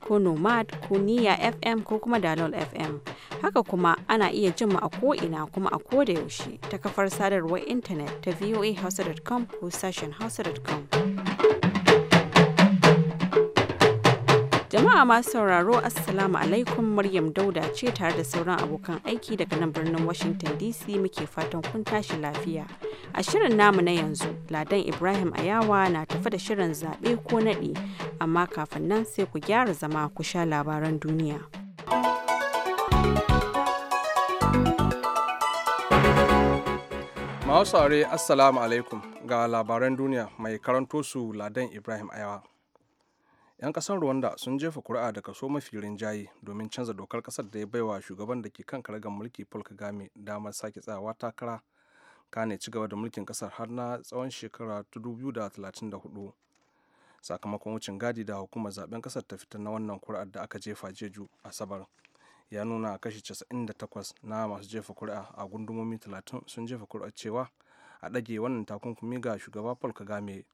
ko nomad ko niya fm ko kuma dalol fm haka kuma ana iya jin a ko'ina kuma a koda yaushe ta kafar sadarwar intanet ta voahausa.com ko sashen hausa.com Jama'a masu sauraro Assalamu alaikum Maryam Dauda ce tare da sauran abokan aiki daga nan birnin Washington DC muke fatan kun tashi lafiya. A shirin namu na yanzu, Ladan Ibrahim Ayawa na tafi da shirin zaɓe ko naɗe, amma kafin nan sai ku gyara zama ku sha labaran duniya. Masu Assalamu alaikum ga labaran duniya mai karanto su Ladan Ibrahim Ayawa. 'yan kasar rwanda sun jefa kuri'a da kaso mafi rinjaye domin canza dokar kasar da ya baiwa shugaban da ke kan karagar mulki paul kagame damar sake tsayawa takara kane ci gaba da mulkin kasar har na tsawon shekara 2034 sakamakon wucin gadi da hukumar zaben kasar ta fitar na wannan kuri'ar da aka jefa jeju asabar ya nuna kashi 98 na masu jefa kuri'a a gundumomi 30 sun jefa kuri'a cewa a ɗage wannan takunkumi ga shugaba paul kagame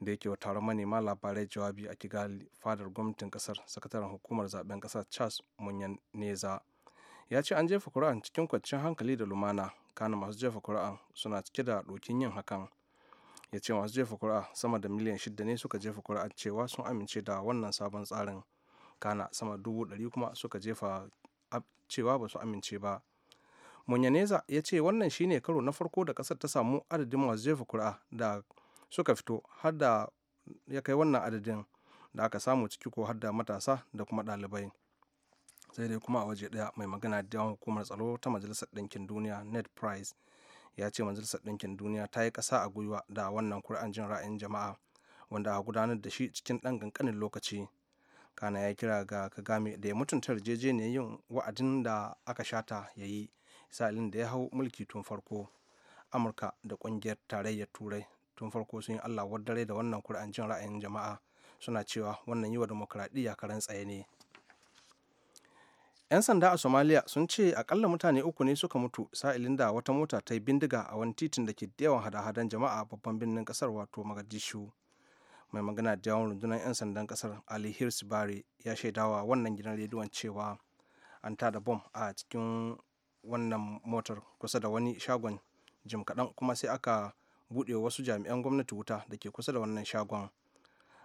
da yake wa taron manema labarai jawabi a kigali fadar gwamnatin kasar sakataren hukumar zaben kasar charles munyan neza ya ce an jefa kuri'an cikin kwanciyar hankali da lumana kana masu jefa kuri'an suna cike da dokin yin hakan ya ce masu jefa kuri'a sama da miliyan shida ne suka jefa kuri'a cewa sun amince da wannan sabon tsarin kana sama dubu ɗari kuma suka jefa cewa ba su amince ba munyaneza ya ce wannan shine karo na farko da kasar ta samu adadin masu jefa kuri'a da suka fito har da ya kai wannan adadin da aka samu ciki ko har da matasa da kuma ɗalibai sai dai kuma a waje ɗaya mai magana da yawan hukumar tsaro ta majalisar ɗinkin duniya ned price ya ce majalisar ɗinkin duniya ta yi ƙasa a gwiwa da wannan kur'an jin ra'ayin jama'a wanda a gudanar da shi cikin ɗan ƙanƙanin lokaci kana ya kira ga kagame da ya mutunta yarjejeniyar yin wa'adin da aka shata ya yi sa'ilin da ya hau mulki tun farko amurka da ƙungiyar tarayyar turai tun farko sun yi allah wadare da wannan kur'an jin ra'ayin jama'a suna cewa wannan yi wa karan tsaye ne 'yan sanda a somalia sun ce akalla mutane uku ne suka mutu sa'ilin da wata mota ta yi bindiga a wani titin da ke yawan hada-hadan jama'a a babban birnin kasar wato magadishu mai magana da yawan rundunar 'yan sandan kasar ali hirsi bare ya shaidawa wannan gidan rediyon cewa an tada bom a cikin wannan motar kusa da wani shagon jim kaɗan kuma sai aka buɗewa wasu jami'an gwamnati wuta da ke kusa da wannan shagon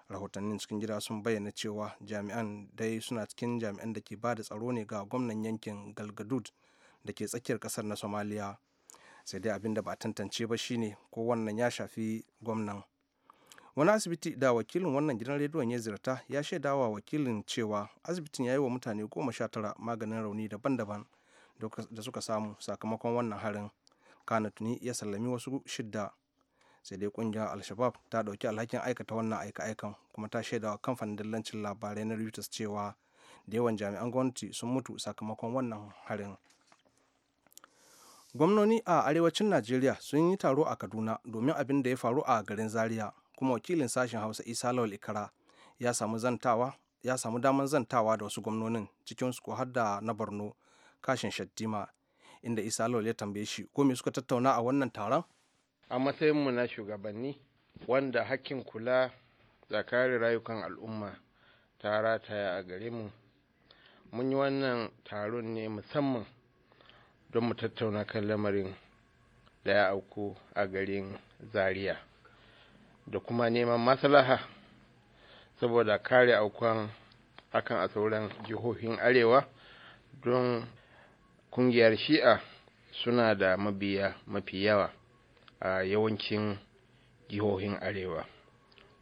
rahotannin cikin gida sun bayyana cewa jami'an dai suna cikin jami'an da ke ba da tsaro ne ga gwamnan yankin galgadud da ke tsakiyar kasar na somaliya sai dai abin da ba tantance ba shine ko wannan ya shafi gwamnan wani asibiti da wakilin wannan gidan rediyon ya zirta ya shaida wa wakilin cewa asibitin ya yi wa mutane goma sha tara maganin rauni daban-daban da suka samu sakamakon wannan harin kana tuni ya sallami wasu shidda sai dai kungiyar al-shabab ta dauki alhakin aikata wannan aika-aikan kuma ta shaida wa kamfanin dillancin labarai na reuters cewa da yawan jami'an gwamnati sun mutu sakamakon wannan harin gwamnoni a arewacin najeriya sun yi taro a kaduna domin abin da ya faru a garin zaria kuma wakilin sashen hausa isa lawal ikara ya samu zantawa ya samu damar zantawa da wasu gwamnonin cikin su har da na borno kashin shaddima inda isa lawal ya tambaye shi ko me suka tattauna a wannan taron a matsayinmu na shugabanni wanda hakkin kula da kare rayukan al'umma ta rataya a gare mu mun yi wannan taron ne musamman don mu tattauna kan lamarin da ya auku a garin zaria da kuma neman maslaha saboda kare aukon akan a sauran jihohin arewa don kungiyar shi'a suna da mabiya mafi yawa a yawancin jihohin arewa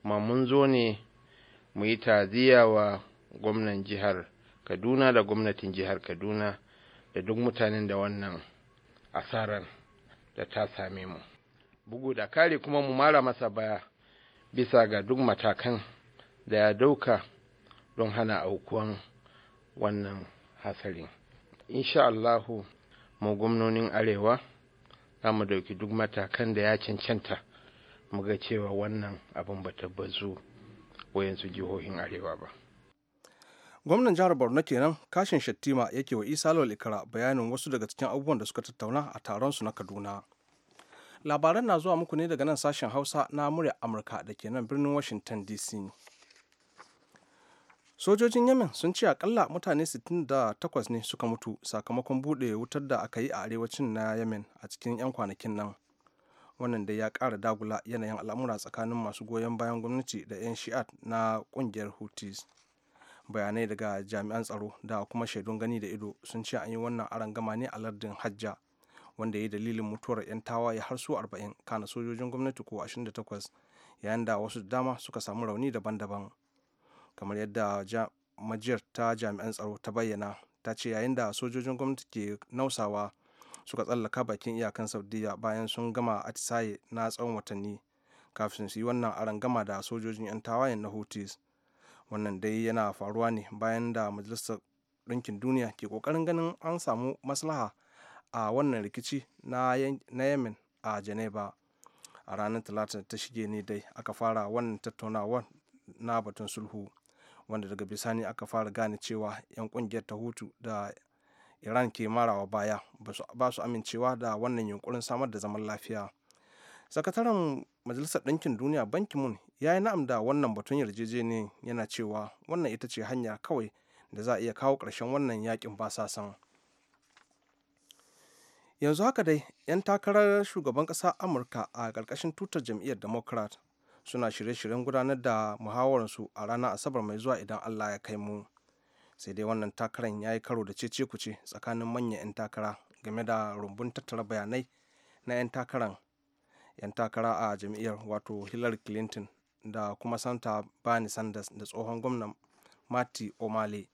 kuma mun zo ne mu yi taziya wa gwamnan jihar kaduna da gwamnatin jihar kaduna da duk mutanen da wannan asarar da ta same mu bugu da kare kuma mu mara masa baya bisa ga duk matakan da ya dauka don hana aukuwan wannan hasarin Insha'Allahu, Allahu mu gwamnonin arewa za mu dauki duk matakan da ya cancanta mu ga cewa wannan abin ba ta bazu wayansu jihohin arewa ba gwamnan jihar borno kenan kashin shattima yake wa isa lawal ikara bayanin wasu daga cikin abubuwan da suka tattauna a taron su na kaduna labaran na zuwa muku ne daga nan sashen hausa na murya amurka da ke nan birnin washington dc sojojin yemen sun ce akalla mutane 68 ne suka mutu sakamakon buɗe wutar da aka yi a arewacin na yemen a cikin 'yan kwanakin nan wannan da ya kara dagula yanayin al'amura tsakanin masu goyon bayan gwamnati da 'yan shi'at na kungiyar hutis bayanai daga jami'an tsaro da kuma shaidun gani da ido sun ce an yi wannan arangama ne a lardin hajja wanda ya yi dalilin mutuwar 'yan tawaye har su 40 kana sojojin gwamnati ko 28 yayin da wasu dama suka samu rauni daban-daban kamar yadda majiyar ta jami'an tsaro ta bayyana ta ce yayin da sojojin gwamnati ke nausawa suka tsallaka bakin iyakan saudiya bayan sun gama atisaye na tsawon watanni kafin su yi wannan arangama da sojojin 'yan tawayen na houthis wannan dai yana faruwa ne bayan da majalisar ɗinkin duniya ke ƙoƙarin ganin an samu maslaha a wannan rikici na yemen a geneva a ranar talata ta shige ne dai aka fara wannan tattaunawar na batun sulhu wanda daga bisani aka fara gane cewa 'yan kungiyar ta hutu da iran ke marawa baya ba su amincewa da wannan yunkurin samar da zaman lafiya sakataren majalisar ɗinkin duniya banki mun ya yi na'am da wannan batun yarjejeniyar yana cewa wannan ita ce hanya kawai da za a iya kawo ƙarshen wannan yakin basasan yanzu haka dai 'yan takarar shugaban ƙasa amurka a ƙarƙashin tutar jam'iyyar democrat suna shirye-shiryen gudanar da muhawararsu a ranar asabar mai zuwa idan allah ya kai mu sai dai wannan takarar ya yi karo da cece kuce tsakanin manyan 'yan takara game da rumbun tattara bayanai na 'yan takaran 'yan takara a jam'iyyar wato hillary clinton da kuma santa bani sanders da tsohon gwamnan marty o'malley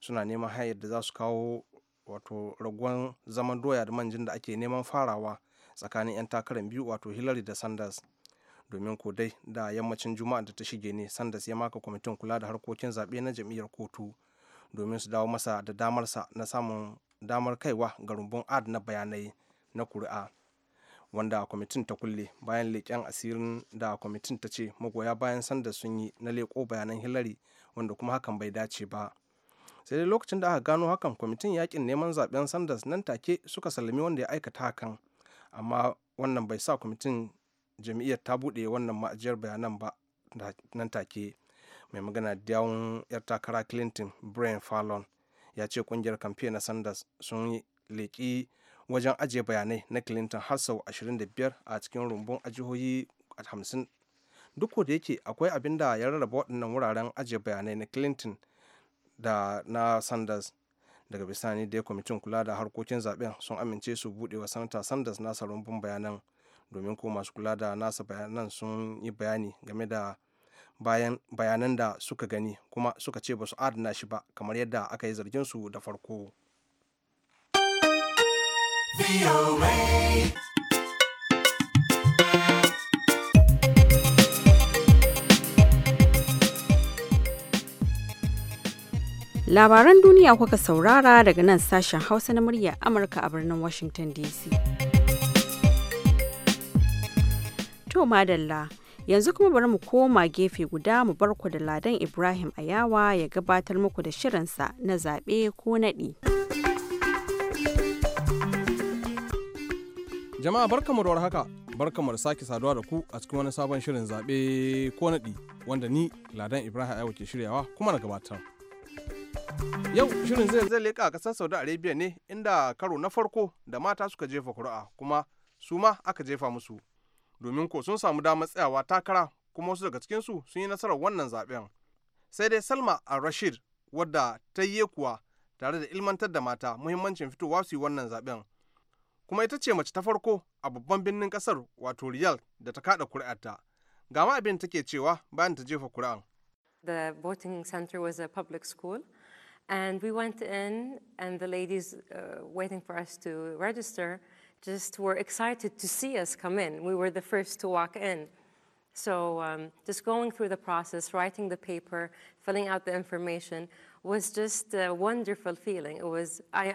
suna neman hayar da za su kawo wato raguwan zaman doya da manjin da ake neman farawa tsakanin 'yan takarar biyu wato hillary da sanders domin ko dai da yammacin juma'a da ta shige ne sanders ya maka kwamitin kula da harkokin zaɓe na jam'iyyar kotu domin su dawo masa da damarsa na samun damar kaiwa ga rumbun ad na bayanai na kuri'a wanda kwamitin ta kulle bayan leƙen asirin da kwamitin ta ce magoya bayan sanda sun yi na leƙo bayanan hillary wanda kuma hakan bai dace ba sai dai lokacin da aka gano hakan kwamitin yakin neman zaɓen sanders nan take suka sallami wanda ya aikata hakan amma wannan bai sa kwamitin jam'iyyar ta buɗe wannan ma'ajiyar bayanan ba nan take mai magana dawon yar takara clinton brian fallon ya ce kungiyar kamfe na sanders sun leƙi wajen ajiye bayanai na clinton har sau 25 a cikin rumbun ajihohi 50 duk da yake akwai abin da ya rarraba waɗannan wuraren ajiye bayanai na clinton da na sanders daga bisani dai kwamitin kula da harkokin zaben sun amince su buɗe wa sanata sanders nasa rumbun bayanan domin ko masu kula da nasa bayanan sun yi bayani game da bayanan da suka gani kuma suka ce ba su adana shi ba kamar yadda aka yi zargin su da farko. Labaran duniya kuka saurara daga nan sashen Hausa na murya Amurka a birnin Washington DC. To madalla, yanzu kuma bari mu koma gefe guda mu bar ku da Ladan Ibrahim Ayawa ya gabatar muku da shirinsa na zaɓe ko naɗi. Jama'a barkamu da haka barkamu da sake saduwa da ku a cikin wani sabon shirin zaɓe ko naɗi wanda ni Ladan Ibrahim Ayawa ke shiryawa kuma na gabatar. Yau shirin zai zai leƙa ƙasar Saudi Arabia ne inda karo na farko da mata suka jefa kuri'a kuma su ma aka jefa musu domin ko sun samu damar tsayawa takara kuma wasu daga cikinsu sun yi nasarar wannan zaben sai dai salma a rashid wadda ta yi kuwa tare da ilmantar da mata muhimmancin fitowa su yi wannan zaben kuma ita ce mace ta farko a babban birnin kasar wato riyal da ta kada kuri'arta ga ma abin take cewa bayan ta jefa kuri'an the voting center was a public school and we went in and the ladies uh, waiting for us to register just were excited to see us come in. We were the first to walk in. So um, just going through the process, writing the paper, filling out the information was just a wonderful feeling. It was I,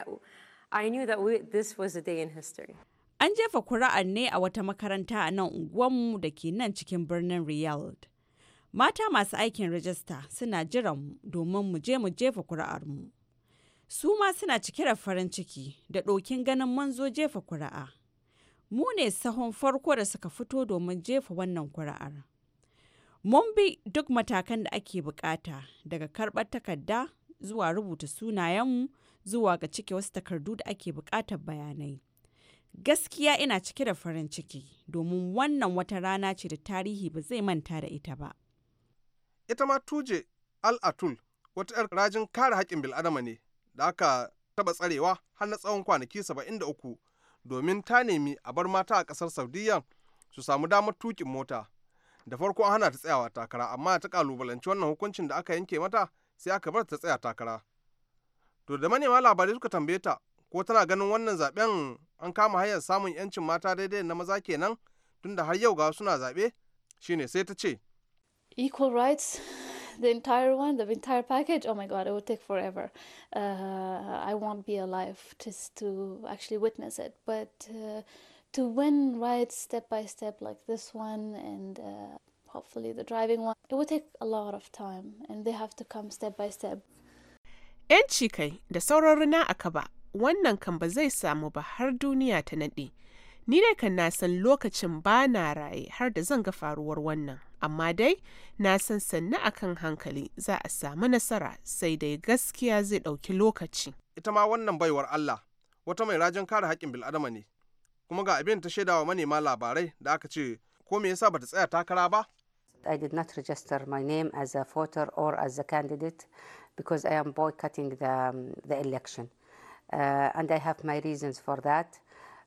I knew that we, this was a day in history. An jefa kura'ar ne a wata makaranta a nan unguwanmu da ke nan cikin birnin Riyadh. Mata masu aikin rajista suna jiran domin mu je mu jefa kura'armu. mu. su ma suna cike da farin ciki da ɗokin ganin manzo jefa kuri'a. Mu ne sahun farko da suka fito domin jefa wannan kuri'ar. Mun bi duk matakan da ake bukata daga karɓar takarda zuwa rubuta sunayenmu zuwa ga cike wasu takardu da ake bukatar bayanai. Gaskiya ina cike da farin ciki domin wannan wata rana ce da tarihi ba zai manta da ita ba. Ita ma tuje al'atul wata 'yar rajin kare haƙƙin bil'adama ne da aka taba tsarewa har na tsawon kwanaki 73 domin ta nemi a bar mata a kasar saudiyya su samu damar tukin mota da farko an hana ta tsayawa takara amma ta kalubalanci wannan hukuncin da aka yanke mata sai aka bar ta tsaya takara to da manema labarai suka tambaye ta ko tana ganin wannan zaben an kama hanyar samun yancin mata daidai na maza kenan tunda har yau ga suna zaɓe shine sai ta ce equal rights the entire one, the entire package, oh my god, it would take forever. Uh, I won't be alive just to actually witness it. But uh, to win rides step by step like this one and uh, hopefully the driving one, it would take a lot of time and they have to come step by step. kai da sauran rina a kaba, wannan zai samu ba har duniya ta Ni dai kan na san lokacin ba na raye har da zan ga faruwar wannan, amma dai na san sannu akan hankali za a samu nasara sai dai gaskiya zai ɗauki lokaci. Ita ma wannan baiwar Allah wata mai rajin kare haƙƙin bil'adama ne, kuma ga abin ta wa manema labarai da aka ce ko me yasa bata tsaya takara ba? I did not register my name as a voter or as a candidate because I am boycotting the, um, the election. Uh, and I have my reasons for that.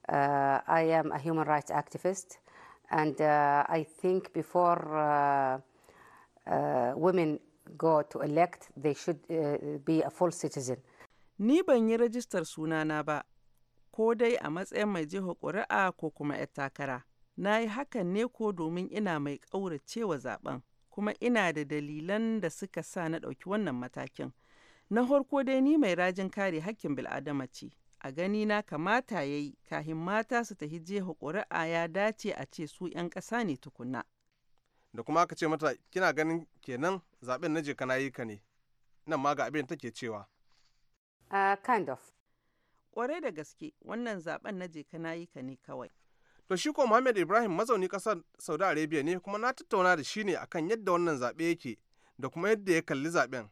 Uh, I am a human rights activist, and uh, I think before uh, women go to elect, they should be a full citizen. Ni ban yi rajistar sunana ba, ko dai a matsayin mai jiho ƙuri'a ko kuma 'yar takara. Na yi hakan ne ko domin ina mai ƙauracewa zaben, kuma ina da dalilan da suka sa na ɗauki wannan matakin. Na farko dai ni mai rajin kare hakkin bil'adama ce, a gani na kamata ya yi kahin mata su tafi jefa ƙuri'a ya dace a ce su 'yan ƙasa ne tukuna. Da kuma aka ce mata kina ganin kenan zaɓen na jeka na yi ka ne, nan ma ga abin take cewa. Uh, kind of. Ƙwarai da gaske wannan zaɓen na jeka na yi ka ne kawai. To shi ko Muhammad Ibrahim mazauni kasar Saudi Arabia ne kuma na tattauna da shi ne akan yadda wannan zaɓe yake da kuma yadda ya kalli zaɓen.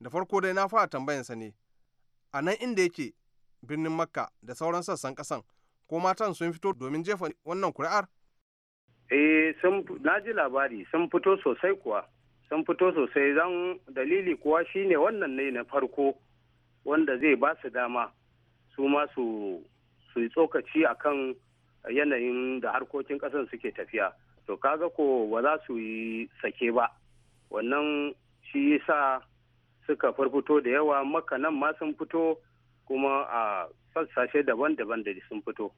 Da farko dai na fara tambayansa ne, a nan inda yake birnin makka da sauran sassan kasan ko matan sun fito domin jefa wannan kuri'ar eh na ji labari sun fito sosai kuwa sun fito sosai zan dalili kuwa shine wannan ne na farko wanda zai ba su dama su ma su yi tsokaci akan yanayin da harkokin ƙasar suke tafiya to kaga ko ba za su yi sake ba wannan shi yasa suka farfito da yawa makanan ma sun fito kuma a sassashe daban-daban da sun fito.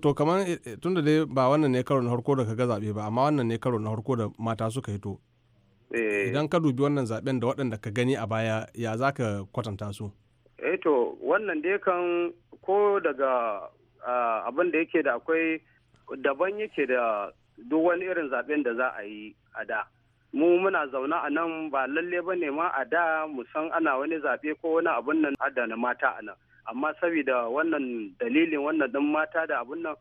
To kamar eh, eh, tun da dai ba wannan ne karo na harko da ka ga zaɓe ba amma wannan ne karo na harko da mata suka hito. Eh. Idan ka dubi wannan zaɓen da waɗanda ka gani a baya ya za ka kwatanta su? Eh to wannan dai kan ko daga abin da yake da akwai daban yake da duk wani irin zaɓen da za a yi a da. mu muna zaune a nan ba lalle ba ne ma a da mu san ana wani zaɓe ko wani abun nan adana mata a nan amma saboda wannan dalilin wannan ɗin mata da abun nan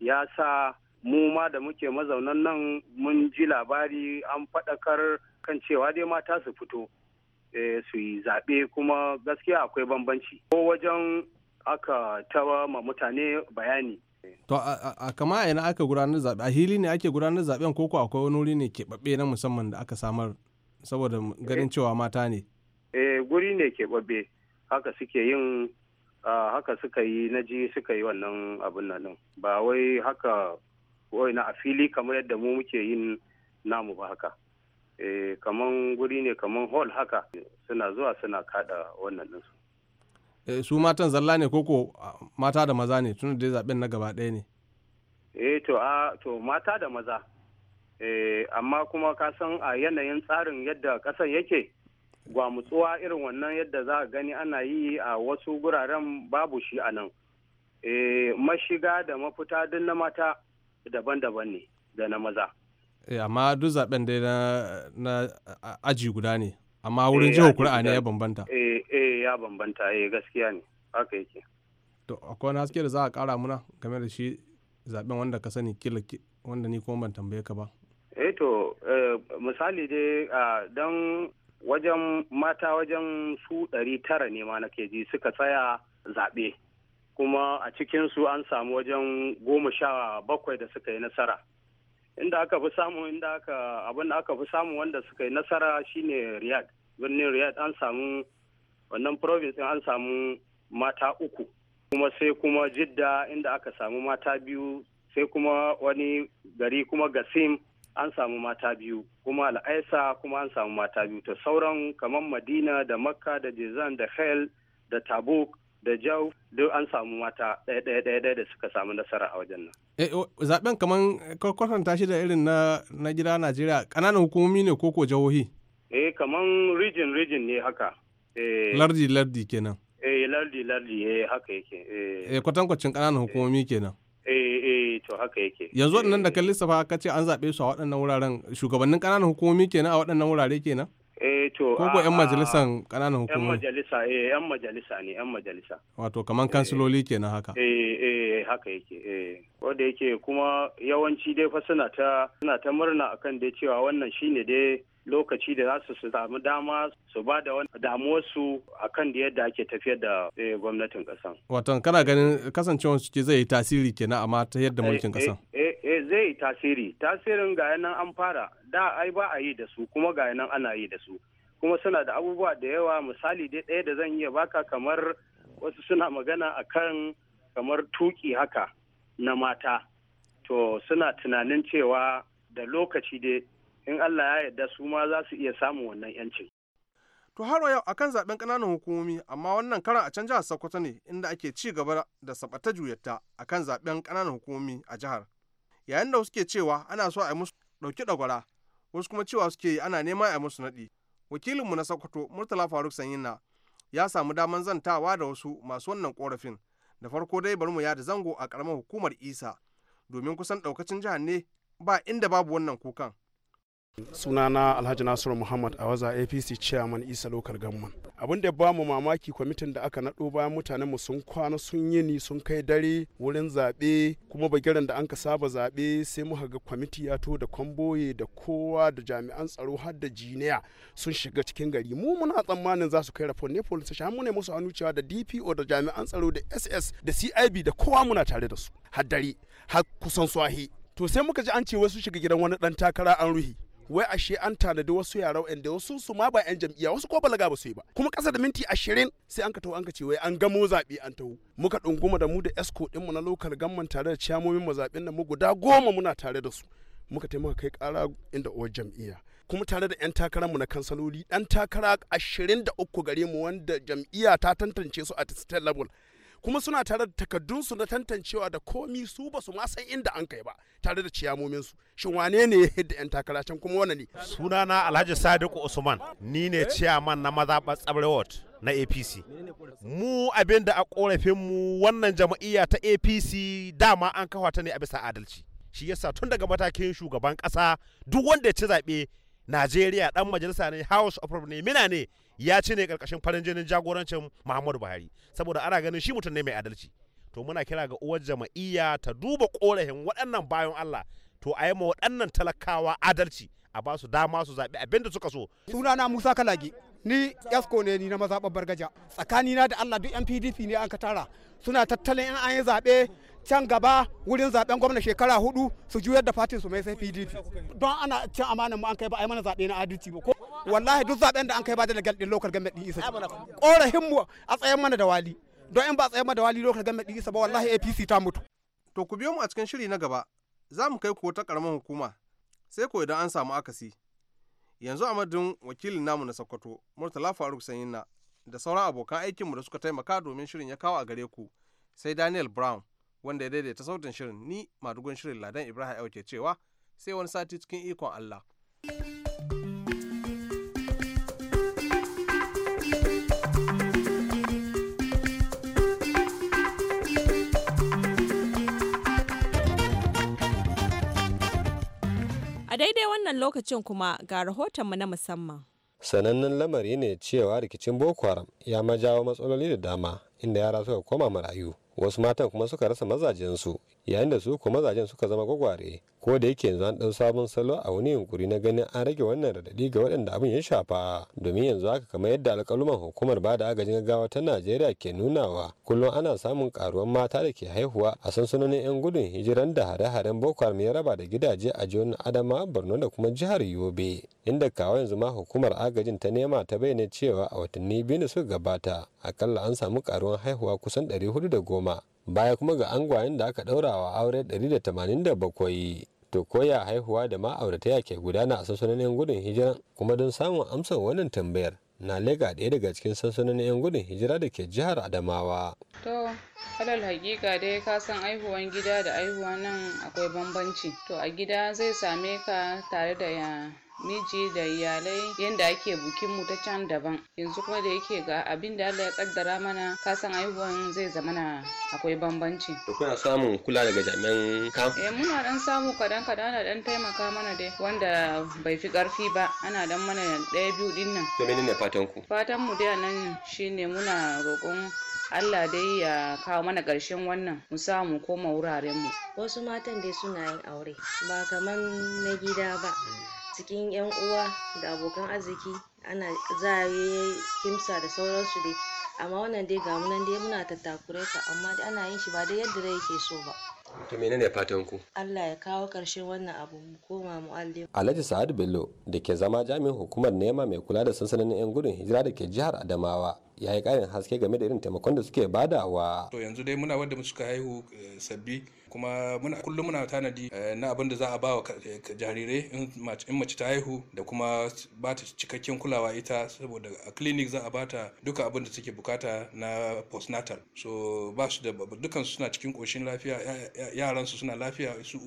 ya sa mu ma da muke mazaunan nan mun ji labari an faɗakar kan cewa dai mata su fito eh, su yi zaɓe kuma gaskiya akwai bambanci ko wajen aka tawa ma mutane bayani to a kama a yana aka gudanar zaɓe a hili ne ake gudanar zaɓen koko akwai wani wuri ne keɓaɓɓe na musamman da aka samar saboda ganin eh. cewa mata ne eh guri ne keɓaɓɓe haka suke yin haka suka yi na ji suka yi wannan abin nan ba wai haka wai na a fili kamar yadda mu muke yin namu ba haka e, kaman guri ne kaman hall haka suna zuwa suna kada wannan su e, su matan zalla ne koko mata da maza ne tun da zaben na gaba ɗaya ne eh to a to mata da maza eh amma kuma ka san a yanayin tsarin yadda ƙasar yake gwamutsuwa irin wannan yadda za a gani ana yi a wasu guraren babu shi a nan eh, mashiga da mafita duk na mata daban-daban ne da na maza eh, amma duk zaben dai na aji guda ne amma wurin eh, jihar kura ne ya bambanta eh ya bambanta eh gaskiya ne haka yake to akwai wani haske da za a kara muna game da shi zaben wanda ka sani kila wanda ni kuma ban tambaye ka ba eh to misali dai ah, don wajen mata wajen su ɗari tara ne ma na ji suka tsaya zaɓe kuma a cikinsu an samu wajen goma sha bakwai da suka yi nasara inda aka fi samu inda aka abin da aka fi samu wanda suka yi nasara shine riyad birnin riyad an samu wannan province an samu mata uku kuma sai kuma jidda inda aka samu mata biyu sai kuma wani gari kuma gasim an samu mata biyu kuma al'aisa kuma an samu mata biyu ta sauran kamar madina da makka da jizan da hel da tabuk da jau duk an samu mata ɗaya-ɗaya da suka samu nasara a wajen nan. Eh, zaben kamar kwakwatan shi da irin na gida najeriya ƙananan hukumomi ne ko ko jihohi eh kamar rijin rijin ne haka eh. lardi lardi kenan eh lardi lardi eh haka yake eh, eh kwatankwacin ƙananan hukumomi kenan Eh, eh to haka yake yanzu waɗannan da eh. kan lissafa ka ce an zaɓe su a waɗannan wuraren shugabannin ƙananan hukumomi kenan a waɗannan wurare kenan eh to ko ko yan majalisan ƙananan hukumomi yan majalisa eh yan majalisa ne yan majalisa wato kaman kansiloli kenan haka eh eh haka yake eh wanda yake kuma yawanci dai fa suna ta suna ta murna akan dai cewa wannan shine dai lokaci da za su samu dama su ba da wani damuwarsu a kan da yadda ake tafiyar da eh, gwamnatin ƙasan. Watan kana ganin kasancewar su zai yi tasiri kenan amma ta yadda eh, mulkin ƙasan. Eh, eh zai yi tasiri tasirin ga nan an fara da ai ba a yi da su kuma ga nan ana yi da su kuma suna da abubuwa da yawa misali dai ɗaya da zan iya baka kamar wasu suna magana akan kamar tuki haka na mata to suna tunanin cewa da lokaci dai in Allah ya yarda su ma za su iya samun wannan yancin. To haro yau akan zaben ƙananan hukumomi amma wannan karan a can jihar Sokoto ne inda ake ci gaba da sabata juyatta akan zaben ƙananan hukumomi a jihar. Yayin da suke cewa ana so a yi musu dauki dagwara wasu kuma cewa suke yi ana neman a yi musu naɗi. Wakilinmu na Sokoto Murtala Faruk Sanyinna ya samu daman zantawa da wasu masu wannan korafin da farko dai bari mu yada zango a ƙaramar hukumar isa domin kusan ɗaukacin jihar ne ba inda babu wannan kukan sunana alhaji nasiru muhammad a waza apc chairman isa local government abin da ba mu mamaki kwamitin da aka naɗo bayan mutanen mu sun kwana sun yi ni sun kai dare wurin zaɓe kuma bagiran da an ka saba zaɓe sai muka ga kwamiti ya to da kwamboye da kowa da jami'an tsaro har da jiniya sun shiga cikin gari mu muna tsammanin za su kai rafon ne police station mu ne musu hannu cewa da dpo da jami'an tsaro da ss da cib da kowa muna tare da su har dare har kusan swahi to sai muka ji an ce wasu shiga gidan wani dan takara an ruhi wai ashe an tanadi wasu yara wa'anda wasu su ma ba yan jam'iyya wasu ko balaga ba su yi ba kuma kasa da minti ashirin sai an ka taho an ka ce wai an gamo zaɓe an taho muka ɗunguma da mu da esco ɗinmu na lokal gamman tare da ciyamomin mazaɓin nan mu guda goma muna tare da su muka taimaka kai ƙara inda uwar jam'iyya kuma tare da 'yan mu na kansaloli ɗan takara ashirin da uku gare mu wanda jam'iyya ta tantance su a state level kuma suna tare da su na tantancewa da komi su ba su ma san inda an kai ba tare da ciyamomin su shin wane ne da yan takara can kuma wane ne sunana Alhaji Sadiku Usman ni ne ciyaman na mazaɓar tsabar Ward na APC mu abin da a korafin mu wannan jama'iyya ta APC dama an kafa ta ne a bisa adalci shi yasa tun daga matakin shugaban kasa duk wanda ya ci zaɓe Najeriya ɗan majalisa ne House of Representatives ne ya ci ne karkashin farin jinin jagorancin Muhammadu Buhari saboda ana ganin shi mutum ne mai adalci to muna kira ga uwar jama'iyya ta duba korahin waɗannan bayan Allah to a yi ma waɗannan talakawa adalci a ba su dama su zaɓi abin da suka so sunana Musa Kalage ni yasko ne ni na mazaɓar gaja tsakanina da Allah duk yan PDP ne aka tara suna tattalin yan an yi zaɓe can gaba wurin zaben gwamna shekara hudu su juyar da fatin su mai sai PDP don ana cin amanan mu an kai ba ai mana zabe na adalci ba ko wallahi duk zaben da an kai ba da galɗin local government din isa korahin mu a tsayen mana da wali don in ba tsayen mana da wali local isa ba wallahi APC ta mutu to ku biyo mu a cikin shiri na gaba za mu kai ku ta karamar hukuma sai ko idan an samu akasi yanzu a madadin wakilin namu na Sokoto Murtala Faruk Sanyinna da sauran abokan aikinmu da suka taimaka domin shirin ya kawo a gare ku sai Daniel Brown wanda ya daidaita sautin shirin ni madugun shirin ladan ibrahim yau cewa sai wani sati cikin ikon allah A daidai wannan lokacin kuma ga rahotonmu na musamman. Sanannen lamari ne cewa rikicin Boko Haram ya majawo matsaloli da dama inda yara suka koma marayu wasu matan kuma suka rasa mazajensu yayin da su kuma mazajen suka zama gwagware ko da yake yanzu an ɗan sabon salo a wani yunkuri na ganin an rage wannan radadi ga waɗanda abin ya shafa domin yanzu haka kamar yadda alƙaluman hukumar ba da agajin gaggawa ta najeriya ke nunawa kullum ana samun karuwar mata da ke haihuwa a sansanonin 'yan gudun hijiran da hare-haren boko haram ya raba da gidaje a jihar adama borno da kuma jihar yobe inda kawo yanzu ma hukumar agajin ta nema ta bayyana cewa a watanni biyu da suka gabata akalla an samu karuwar haihuwa kusan 410 baya kuma ga angwayen da aka ɗaura wa aure 187 to koya haihuwa da ma'aurataya ke gudana a sansanonin gudun hijira kuma don samun amsar wannan tambayar na lega ɗaya daga cikin sansanonin 'yan gudun hijira da ke jihar adamawa to alal hakika dai ka san aihuwan gida da aihuwa nan akwai bambanci to a gida zai same ka tare da miji da iyalai yadda ake bukin ta can daban yanzu kuma da yake ga abin da Allah ya kaddara mana kasan aihuwan zai zama na akwai bambanci da kuna samun kula daga jami'an kam eh muna dan samu kadan kadan ana dan taimaka mana dai wanda bai fi karfi ba ana dan mana daya biyu din nan to menene fatan ku fatan mu dai nan shine muna roƙon Allah dai ya kawo mana ƙarshen wannan mu samu koma wuraren mu wasu matan dai suna yin aure ba kaman na gida ba mm. cikin yan uwa da abokan arziki ana zare kimsa da sauransu dai amma wannan dai ga mu nan dai muna tattakurai ka amma dai ana yin shi ba dai yadda dai yake so ba To menene fatan ku? Allah ya kawo ƙarshen wannan abu mu koma mu'allim. Alhaji Sa'ad Bello da ke zama jami'in hukumar nema mai kula da sansanin 'yan gudun hijira da ke jihar Adamawa ya yi ƙarin haske game da irin taimakon da suke badawa. To yanzu dai muna wadda suka haihu eh, sabbi kuma muna kullum muna tanadi eh, na abin da za a bawa eh, jarirai in mace ta haihu da kuma ba ta cikakken kulawa ita saboda a clinic za a bata duka abin da suke bukata na postnatal. So ba su da dukkan suna cikin koshin lafiya yaran su suna lafiya su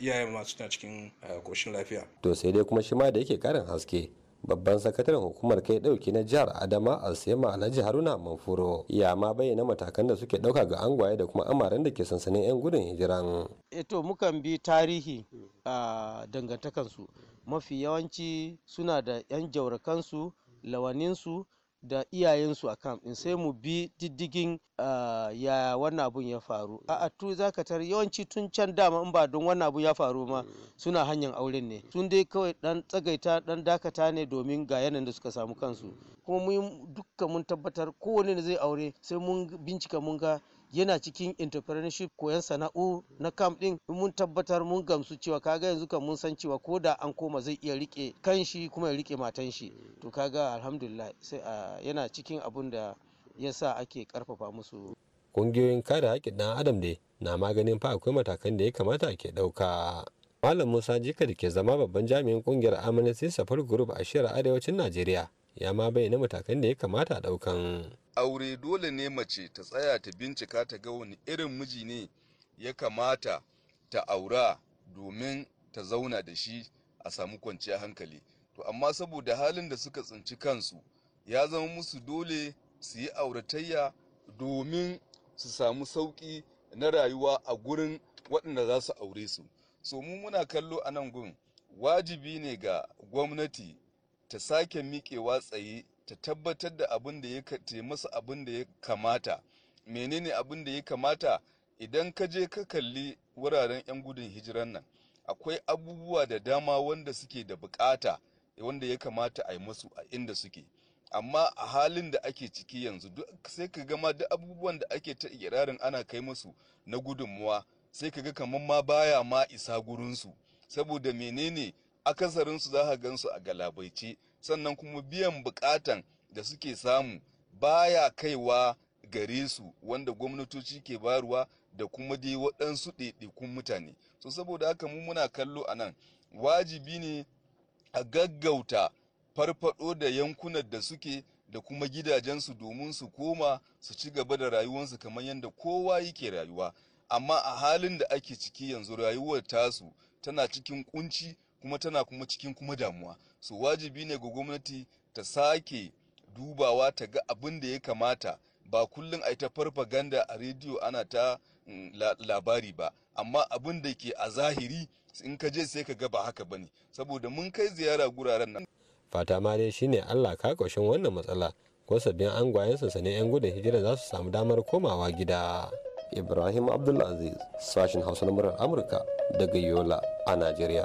iyaye ma suna cikin koshin eh, lafiya to sai dai kuma shi ma da yake karin haske babban sakataren hukumar kai dauki na jihar adama alsema alhaji haruna manfuro ya ma bayyana matakan da suke dauka ga angwaye da kuma amaren da ke sansanin yan gudun hijiran eto eh mukan bi tarihi a dangantakansu mafi yawanci suna da yan jaurakansu lawaninsu da iyayensu a kam in sai mu bi diddigin ah, ya wannan abun ya faru a tu za ka tar yawanci tun can dama in ba don wannan abu ya faru ma suna hanyar auren ne tun dai kawai dan tsagaita dan dakata ne domin ga yanayin da suka samu kansu kuma mun dukkan mun tabbatar kowane da zai aure sai mun bincika mun ga yana cikin entrepreneurship koyan sana'u na camp din in mun tabbatar mun gamsu cewa kaga yanzu kan mun san cewa ko da an koma zai iya rike shi kuma ya rike matan shi to kaga alhamdulillah sai yana cikin abun da yasa ake karfafa musu kungiyoyin kare haƙƙin dan adam ne na maganin fa akwai matakan da ya kamata ke ɗauka malam musa jika da ke zama babban jami'in kungiyar amnesty safar group a shirar arewacin najeriya ya ma bayyana matakan da ya kamata a ɗaukan aure dole ne mace ta tsaya ta bincika ta ga wani irin miji ne ya kamata ta aura domin ta zauna da shi a samu kwanciya hankali to amma saboda halin da suka tsinci kansu ya zama musu dole su yi auratayya domin su samu sauƙi na rayuwa a gurin waɗanda za su aure su so mu muna kallo a nan gun wajibi ne ga gwamnati ta sake miƙewa tsaye ta tabbatar da abin da ya masa abin da ya kamata menene abin da ya kamata idan ka je ka kalli wuraren 'yan gudun hijiran nan akwai abubuwa da dama wanda suke da bukata wanda ya kamata a yi masu a inda suke amma a halin da ake ciki yanzu sai ka gama duk abubuwan da ake ta ikirarin ana kai masu na gudunmuwa sai ka ga kamar ma baya ma isa gurinsu saboda menene akasarinsu za ka gansu a galabaice sannan kuma biyan bukatan da suke samu baya kaiwa gare su wanda gwamnatoci ke bayarwa da kuma dai waɗansu ɗaiɗaikun mutane so saboda haka mu muna kallo a nan wajibi ne a gaggauta farfaɗo da yankunan da suke da kuma gidajensu domin su koma su ci gaba da rayuwansu kamar yadda kowa yake rayuwa amma a halin da ake ciki yanzu rayuwar tasu tana cikin kunci kuma tana kuma cikin kuma damuwa so wajibi ne ga gwamnati ta sake dubawa ta ga abin da ya kamata ba kullum a ta farfaganda a rediyo ana ta mm, labari ba amma abin da ke a zahiri in ka je sai ka ga ba haka bane saboda mun kai ziyara guraren nan fata ma dai shine Allah ka kaushin wannan matsala ko sabbin angwayensa sane yan gudun hijira za su samu damar komawa gida Ibrahim Abdulaziz sashin Hausa na Amurka daga Yola a Najeriya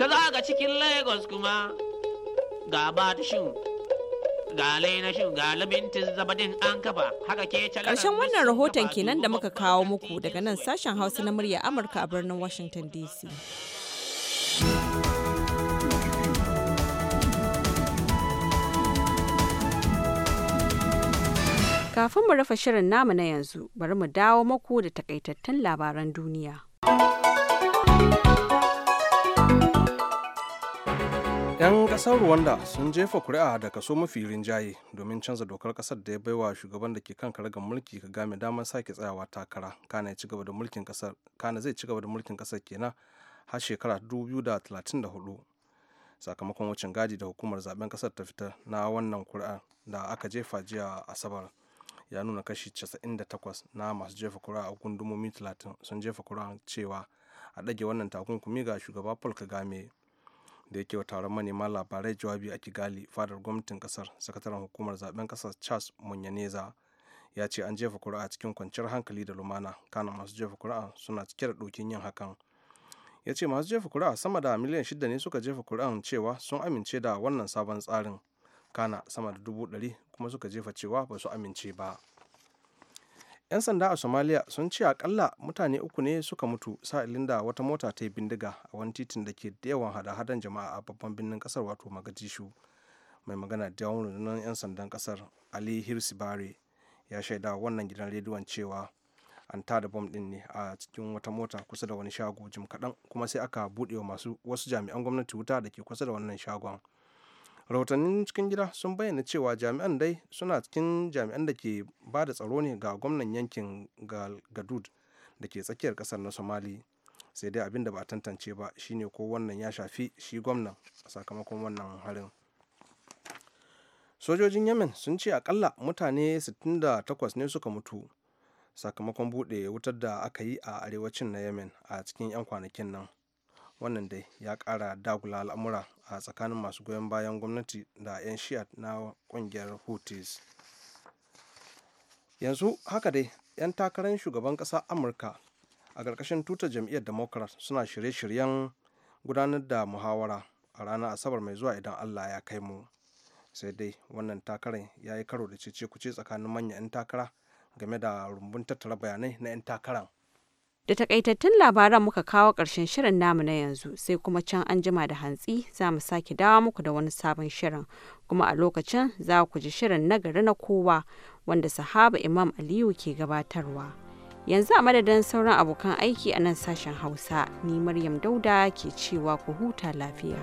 ka ga cikin lagos kuma ga batishin ga lainashin ga labintin zabadin an kafa haka ke ƙarshen wannan rahoton kenan da muka kawo muku daga nan sashen hausa na murya amurka a birnin washington dc kafin mu rufe shirin namu na yanzu bari mu dawo maku da takaitattun labaran duniya 'Yan Rwanda sun jefa kuri'a da kaso mafi rinjaye domin canza dokar kasar da ya baiwa shugaban da ke kan karagar mulki ka game damar sake tsayawa takara. Kana ci gaba da mulkin kasar, Kana zai ci gaba da mulkin kasar kenan har shekara 2034. Sakamakon wucin gadi da hukumar zaben kasar ta fitar na wannan kuri'a da aka jefa jiya a Asabar ya nuna kashi 98 na masu jefa kuri'a a gundumomi 30 sun jefa kuri'a cewa a ɗage wannan takunkumi ga shugaba Paul Kagame. da yake wa taron manema labarai jawabi a kigali fadar gwamnatin kasar sakataren hukumar zaben kasar charles munyaneza ya ce an jefa kuri'a cikin kwanciyar hankali da lumana kana masu jefa kuri'a suna cike da dokin yin hakan ya ce masu jefa kuri'a sama da miliyan shida ne suka jefa kuri'an cewa sun amince da wannan sabon tsarin kana sama da dubu ɗari kuma suka jefa cewa ba su amince ba 'yan sanda a somalia sun ce akalla mutane uku ne suka mutu sa'ilin da wata mota ta yi bindiga a wani titin da ke da yawan hada-hadan jama'a a babban birnin kasar wato magadishu mai magana da yawon rundunar 'yan sandan kasar ali bare ya shaida wannan gidan rediyon cewa an tada bom din ne a cikin wata mota kusa da wani shago jim kaɗan kuma sai aka buɗewa wa masu wasu jami'an gwamnati wuta da ke kusa da wannan shagon rahotannin cikin gida sun bayyana cewa jami'an dai suna cikin jami'an da ke ba da tsaro ne ga gwamnan yankin gadud da ke tsakiyar kasar na somali sai dai abin da ba tantance ba shine ko wannan ya shafi shi gwamnan sakamakon wannan harin sojojin yemen sun ce akalla mutane 68 ne suka mutu sakamakon buɗe wutar da aka yi a arewacin na yemen a cikin 'yan kwanakin nan wannan dai ya kara dagula al'amura a tsakanin masu goyon bayan gwamnati da 'yan shi'a na kungiyar houthis yanzu haka dai 'yan takarar shugaban kasa amurka a ƙarƙashin tuta jam'iyyar democrat suna shirye-shiryen gudanar da muhawara a ranar asabar mai zuwa idan allah ya kai mu sai dai wannan takarar ya yi karo da cece kuce tsakanin manyan 'yan takara game da rumbun tattara bayanai na 'yan takarar Da takaitattun labaran muka kawo ƙarshen shirin namu na yanzu sai kuma can an jima da hantsi za mu sake dawo muku da wani sabon shirin kuma a lokacin za ku ji shirin na gari na kowa wanda sahaba Imam Aliyu ke gabatarwa. Yanzu a madadin sauran abokan aiki a nan sashen Hausa, ni Maryam Dauda ke cewa ku huta lafiya.